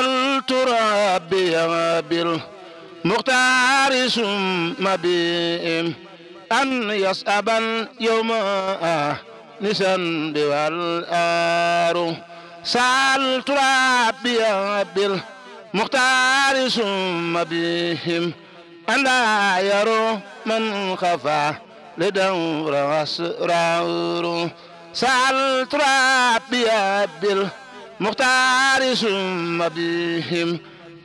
جعلت ربي بالمختار ثم بهم أن يصعب اليوم نسا والآر سألت ربي بالمختار ثم بهم أن لا يروا من خفى لدور أسرار سألت ربي بالمختار مختار ثم بهم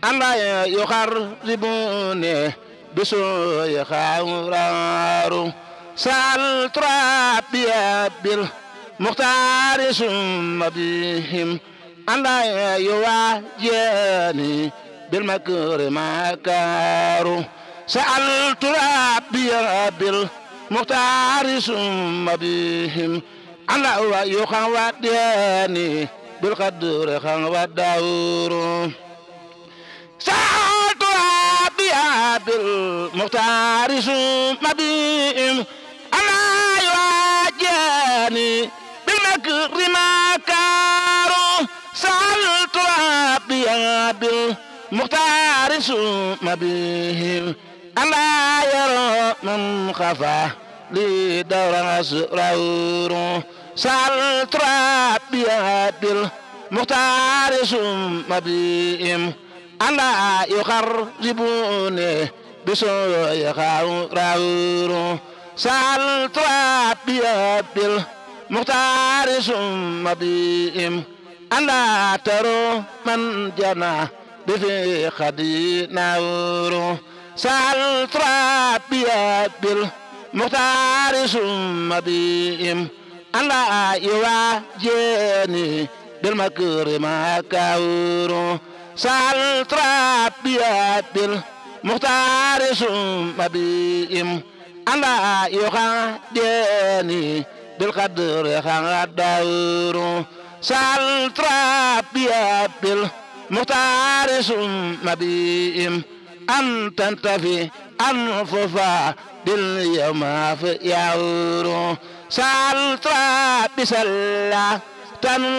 ألا يقربوني بسوء خورار سأل ترابي بالمختار ثم بهم ألا يواجهني بالمكر مكار سأل ترابي بالمختار ثم بهم ألا يخواتني بالقدور خان والدور سألت ربي بالمختار ثم بهم أما يواجهني بالمكر ما كانوا سألت ربي بالمختار ثم بهم أما يرى من خفى لدرس رور سأل ترابي عبد المختار ثم بهم ألا يقربوني بسوء غاور سأل ترابي عبد المختار ثم بهم ألا تروا من جنى بفي خدي نور سأل ترابي عبد المختار ثم بهم alla iwa jeni bil makrima kawru sal trabiatil muhtarisum e mabiim alla iwa jeni bil qadri khadawru sal trabiatil muhtarisum e mabiim an tantafi an fufa bil yawma fi yawru سعى التراب سلا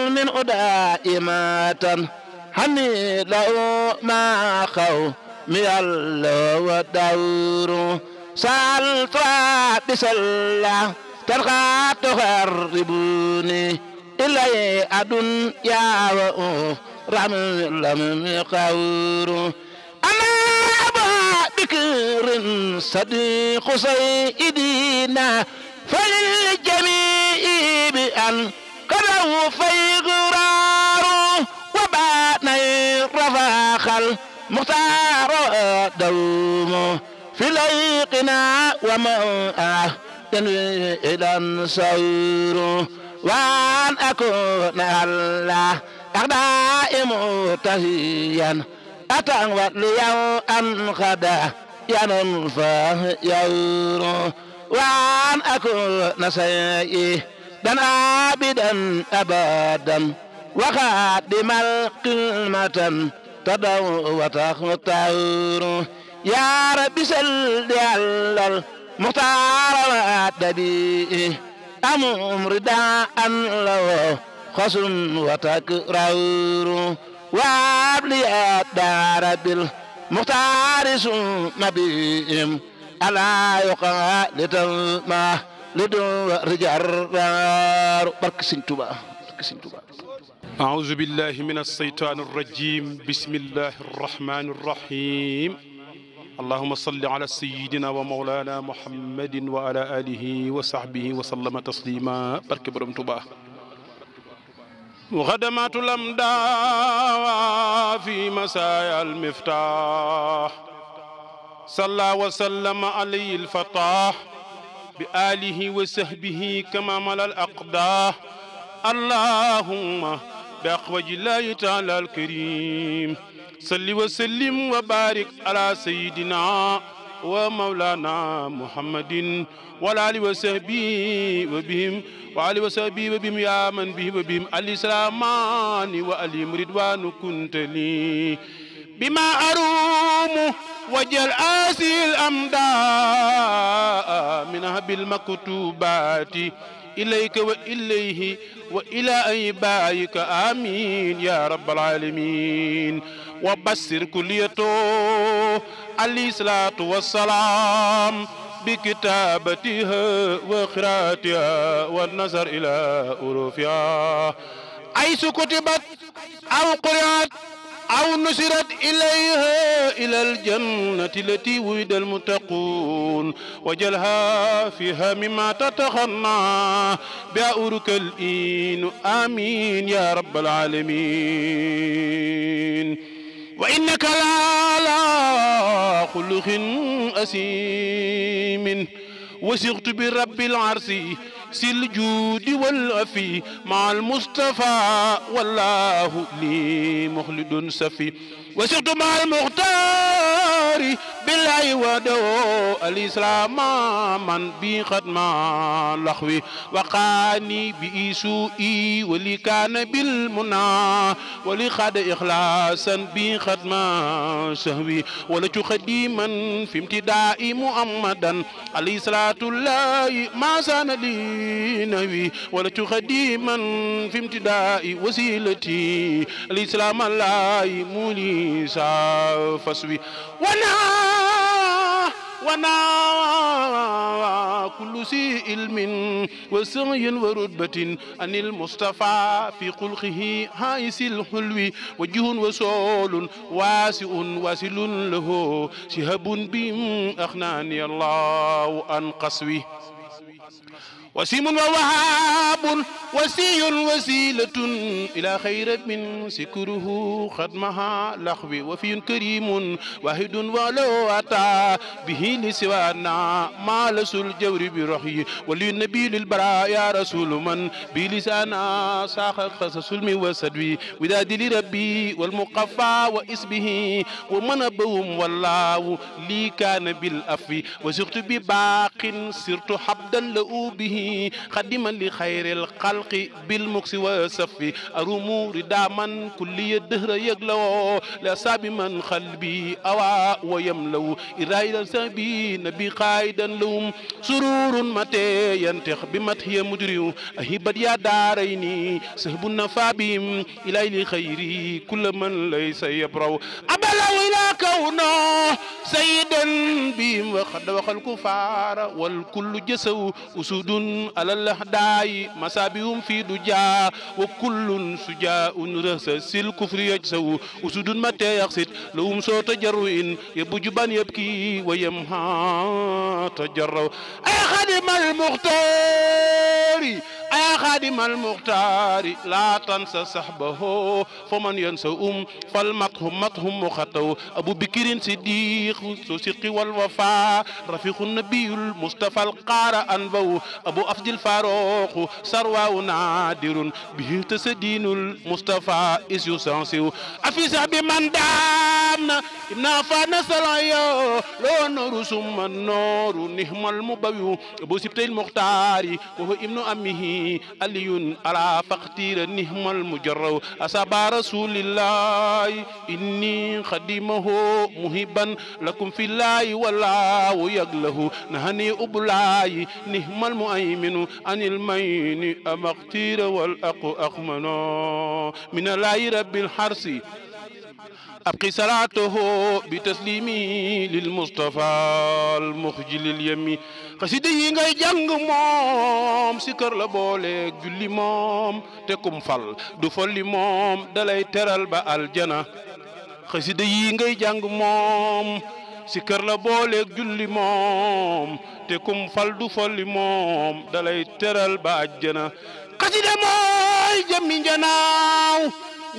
من أدائمة حمي له ما خو مي الله ودور سعى التراب سلا ترقى تغربوني إلي أدن يا وأو رحم لم قور أما أبا بكر صديق سيدنا فلل القرآن قدوا في غرار وباني رفاخل مختار دوم في ليقنا ومؤه ينوي إلى النصير وأن أكون الله أخداء مرتهيا أتى وليا أن خدا ينفاه يور وأن أكون سيئ dan abidan abadan وخادما قلمة تدعو وتختار يا رب سل على المختار الدبي أمر رداء له خصم وتكرار وابلي الدار بالمختار ثم بهم ألا يقال لتلمه li doon rijaar barke Sëñ Tuubaa barke Sëñ Tuubaa أعوذ بالله من الشيطان الرجيم بسم الله الرحمن الرحيم اللهم صل على سيدنا ومولانا محمد وعلى آله وصحبه وسلم تسليما برك برم توبا وخدمات الأمداء في مسايا المفتاح صلى وسلم عليه الفتاح بآله وصحبه كما مل الأقداه اللهم بأقوج الله تعالى الكريم صل وسلم وبارك على سيدنا ومولانا محمد وعلى آله وصحبه وبهم وعلى وصحبه وبهم يا من به وبهم الإسلامان وأليم رضوان كنت لي بما أروم وجل آسي الأمداء منها بالمكتوبات إليك وإليه وإلى أيبائك آمين يا رب العالمين وبصر كليته عليه الصلاة والسلام بكتابتها وقراءتها والنظر إلى أروفها أي كتبت أو قرأت aw nusirat ilayha ila aljannati lati wuida almuttaqun wajalha fiha mima tataxanna bi auruka al inu amin ya rabbal alamin wa innaka la ala xuluqin asimin وسغت برب العرس سي الجود والأفي مع المصطفى والله لي مخلد سفي وسغت مع المختار الباري بالله ودو الإسلام من بي خدما لخوي وقاني بإيسوئي ولي كان بالمنى ولي خد إخلاصا بي خدما سهوي ولت خديما في امتداء محمدا عليه صلاة الله ما سان لي نبي ولت خديما في امتداء وسيلتي الإسلام الله مولي سافسوي وانا ونعى كل ذي علم وسعي ورتبة عن المصطفى في خلقه هائس الحلو وجه وسول واسع واسل له شهب بهم أخناني الله عن قسوه wasiimun wa wahaabun wasiyun wasilatun ila xayra min sikruhu xadmaha laxwi wa fiyun karimun wahidun walaw ata bihi li siwana ma lasul jawri bi roxyi wali nabi lil bara ya rasulu man bi lisana saqa xasa sulmi wa sadwi widaadi li rabbi wal muqafa wa isbihi wa manabahum wallahu li kaana bil afwi wa surtu bi baqin sirtu habdan la u bihi لي خدما لخير الخلق بالمكس وسفي الأمور داما كل الدهر يقلو لأصاب من قلبي أوى ويملو إذا إلى سبي نبي قائدا لهم سرور متى ينتخ بمت هي مجريو أهبت يا داريني سهب النفا بهم إلى خيري كل من ليس يبرو أبلو إلى كونه سيدا بهم وخد وخلق فار والكل جسو أسود على الأحداء مسابهم في دجا وكل سجاء رهس الكفر يجسو أسود متى يقصد لهم صوت جرو يبجبان يبكي ويمها تجرو أخدم المختار aya xaadimal muxtaari laa tansa sahbahu fa man yansa um fal mathum mathum mu xataw abu bikirin siddiq su siqi wal wafa rafiqu nabiyul mustafa al qaara anbaw abu afdil faroq sarwaaw naadirun bihi tasadinul mustafa is yu sansiw afisa bi man daa لأن ابن عفان سلايا لو نور ثم النور نهم المبوي أبو سبت المختار وهو ابن أمه علي على فقتير نهم المجر أصاب رسول الله إني خدمه مهبا لكم في الله والله يقله نهني أبلاي نهم المؤمن عن المين أمقتير والأق أقمنا من الله رب الحرس أبقي صلاته بتسليمي للمصطفى المخجل اليمي xasida yi ngay jàng moom si kër la boole julli moom te kum fal du folli moom dalay teral ba aljana xasida yi ngay jàng moom si kër la booleeg julli moom te kum fal du folli moom dalay teral ba aljana xasida mooy jëmmi njanaaw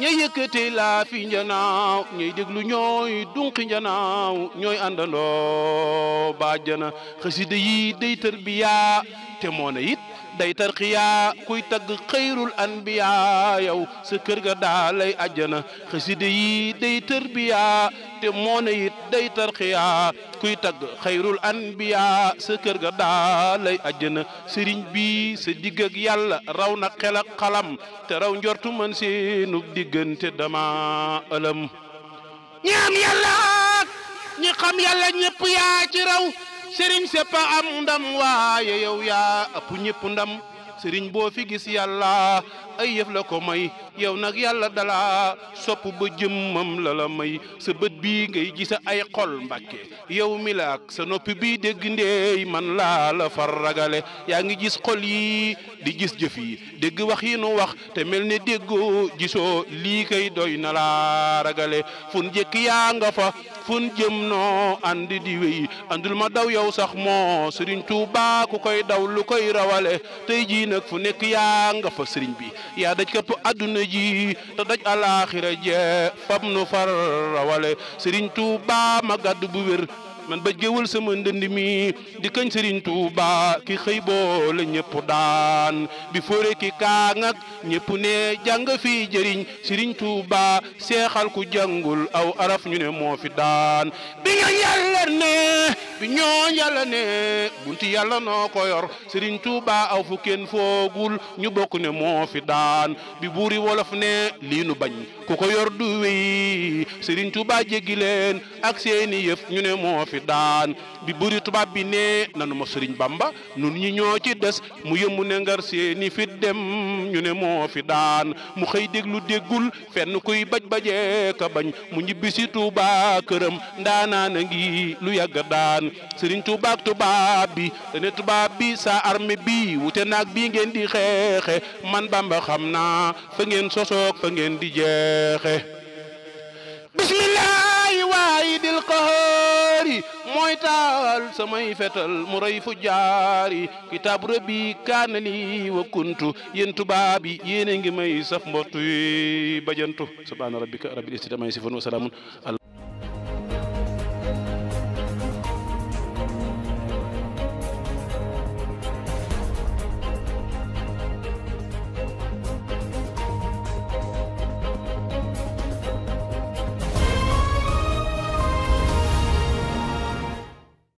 ñooy yëkkati laa fi njanaaw ñooy déglu ñooy dunqi njanaaw ñooy àndandoo bàjjana xasida yi day tërbiya te moo ne it day tarqiyaa kuy tagg xayrul anbiyaa yow sa kër ga daa lay ajjana xaside yi day tarbiyaa te moo ne it day tarqiyaa kuy tagg xayrul anbiyaa sa kër ga daa lay ajjana sëriñ bi sa digg yàlla raw na xel xalam te raw njortu man seenu diggante dama ëlëm ñi am ñi xam yàlla ñëpp yaa ci raw sëriñ sépp am ndam waaye yow yaa ëpp ñëpp ndam sëriñ boo fi gis yàlla ay yëf la ko may yow nag yàlla dala sopp ba jëmmam la la may sa bët bii ngay gis ay xol mbàkke yow mi la ak sa noppi bii dégg ndeey man laa la far ragale yaa ngi gis xol yi di gis jëf yi dégg wax yi nu wax te mel ne déggoo gisoo lii koy doy na laa ragale fun jëkk yaa nga fa fun jëm noo ànd di wéy àndul ma daw yow sax moo sëriñ Tuuba ku koy daw lu koy rawale tey jii nag fu nekk yaa nga fa sëriñ bi yaa daj këpp àdduna ji te daj alaaxira jee fam nu far rawale sëriñ Tuuba ma gàdd bu wér man ba géwal sama ndënd mi di kañ sëriñ baa ki xëy boole ñëpp daan bi fóore ki kaang ak ñëpp ne jàng fi jëriñ sëriñ Tuuba seexal ku jàngul aw araf ñu ne moo fi daan bi nga yàlla ne du ñoo yàlla ne bunti yàlla noo ko yor Serigne Touba aw fu kenn foogul ñu bokk ne moo fi daan bi yi wolof ne lii nu bañ ku ko yor du wéy Serigne Touba jéggi leen ak seeni yëf ñu ne moo fi daan bi buuri tubaab bi ne nanu ma Serigne Bamba nun ñi ñoo ci des mu yëmu ne ngar seeni fit dem ñu ne moo fi daan mu xëy déglu déggul fenn kuy baj bajee bañ mu ñibbisi Touba këram ndaanaan ngi lu yàgg daan sëriñ tubaab tubaab bi ne tubaab bi sa arme bi wute naag bii ngeen di xeexe man bamba xam naa fa ngeen sosoog fa ngeen di jeexe bismillahi waahidil qahaari mooy samay fetal mu rey fu jaari kitaab rabbi kaana li wa kuntu yéen tubaab yi yéen a ngi may saf mbottu yi bajantu subhaana rabbika rabbil izzati ammaa yasifuun wa salaamun